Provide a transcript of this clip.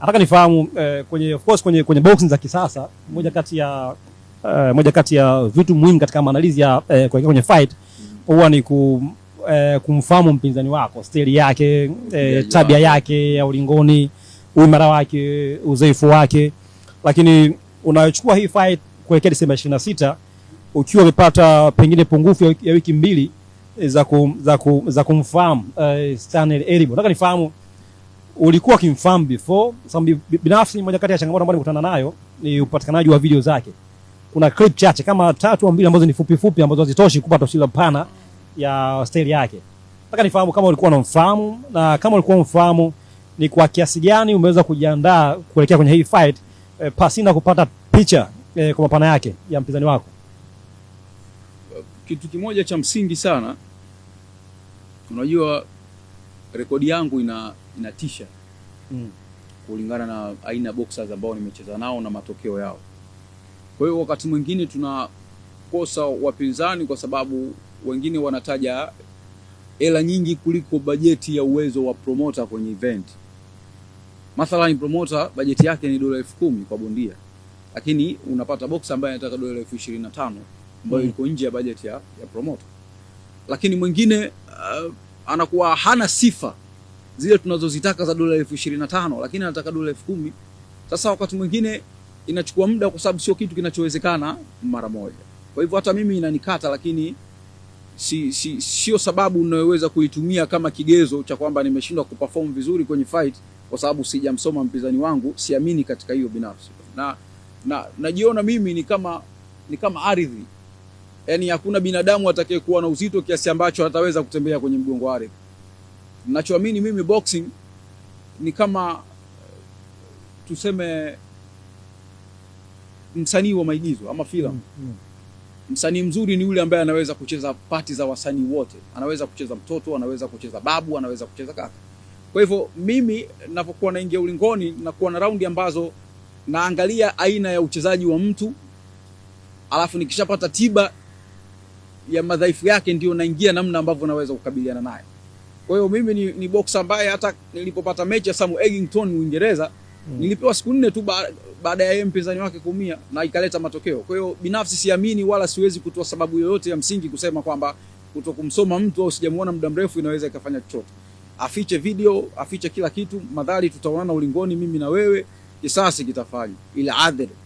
Nataka nifahamu eh, kwenye, of course, kwenye, kwenye boxing za kisasa moja kati ya eh, moja kati ya vitu muhimu katika maandalizi ya eh, kwenye, kwenye fight huwa ni ku, eh, kumfahamu mpinzani wako, steli yake eh, tabia yake ya ulingoni, uimara wake, udhaifu wake, lakini unayochukua hii fight kuelekea Desemba 26 ukiwa umepata pengine pungufu ya wiki mbili eh, za, ku, za, ku, za kumfahamu eh, Stanley Eribo, nataka nifahamu ulikuwa kimfahamu before. Sababu binafsi, moja kati ya changamoto ambayo nimekutana nayo ni upatikanaji wa video zake. Kuna clip chache kama tatu au mbili ambazo ni fupi fupi ambazo hazitoshi kupata tafsiri pana ya style yake. Nataka nifahamu kama ulikuwa unamfahamu na kama ulikuwa unamfahamu ni kwa kiasi gani umeweza kujiandaa kuelekea kwenye hii fight eh, pasina kupata picha eh, kwa mapana yake ya mpinzani wako. Kitu kimoja cha msingi sana, unajua rekodi yangu ina inatisha mm. kulingana na aina boxers ambao nimecheza nao na matokeo yao. Kwa hiyo wakati mwingine tunakosa wapinzani kwa sababu wengine wanataja hela nyingi kuliko bajeti ya uwezo wa promoter kwenye event. Mathalani, promoter bajeti yake ni dola elfu kumi kwa bondia, lakini unapata boxer ambaye anataka dola elfu ishirini na tano ambayo mm. iko nje ya bajeti ya, ya promoter, lakini mwingine uh, anakuwa hana sifa zile tunazozitaka za dola elfu ishirini na tano lakini anataka dola elfu kumi Sasa wakati mwingine inachukua muda, kwa sababu sio kitu kinachowezekana mara moja. Kwa hivyo hata mimi inanikata, lakini si, si, sio sababu unayoweza kuitumia kama kigezo cha kwamba nimeshindwa kuperform vizuri kwenye fight kwa sababu sijamsoma mpinzani wangu. Siamini katika hiyo binafsi, na najiona na mimi ni kama, ni kama ardhi yani hakuna binadamu atakayekuwa na uzito kiasi ambacho ataweza kutembea kwenye mgongo wa ardhi. Ninachoamini mimi boxing ni kama eh, tuseme msanii wa maigizo ama filamu mm, mm. Msanii mzuri ni yule ambaye anaweza kucheza pati za wasanii wote, anaweza kucheza mtoto, anaweza kucheza babu, anaweza kucheza kaka. Kwa hivyo mimi ninapokuwa naingia ulingoni, nakuwa na raundi ambazo naangalia aina ya uchezaji wa mtu, alafu nikishapata tiba ya madhaifu yake ndio naingia namna ambavyo naweza kukabiliana naye. Kwa hiyo mimi ni, ni boxer ambaye hata nilipopata mechi ya Samuel Eggington Uingereza mm. nilipewa siku nne tu baada ya yeye mpinzani wake kuumia na ikaleta matokeo. Kwa hiyo binafsi siamini wala siwezi kutoa sababu yoyote ya msingi kusema kwamba kuto kumsoma mtu au sijamuona muda mrefu inaweza ikafanya chochote. Afiche video, afiche kila kitu, madhari tutaonana ulingoni mimi na wewe, kisasi kitafanywa ila adhari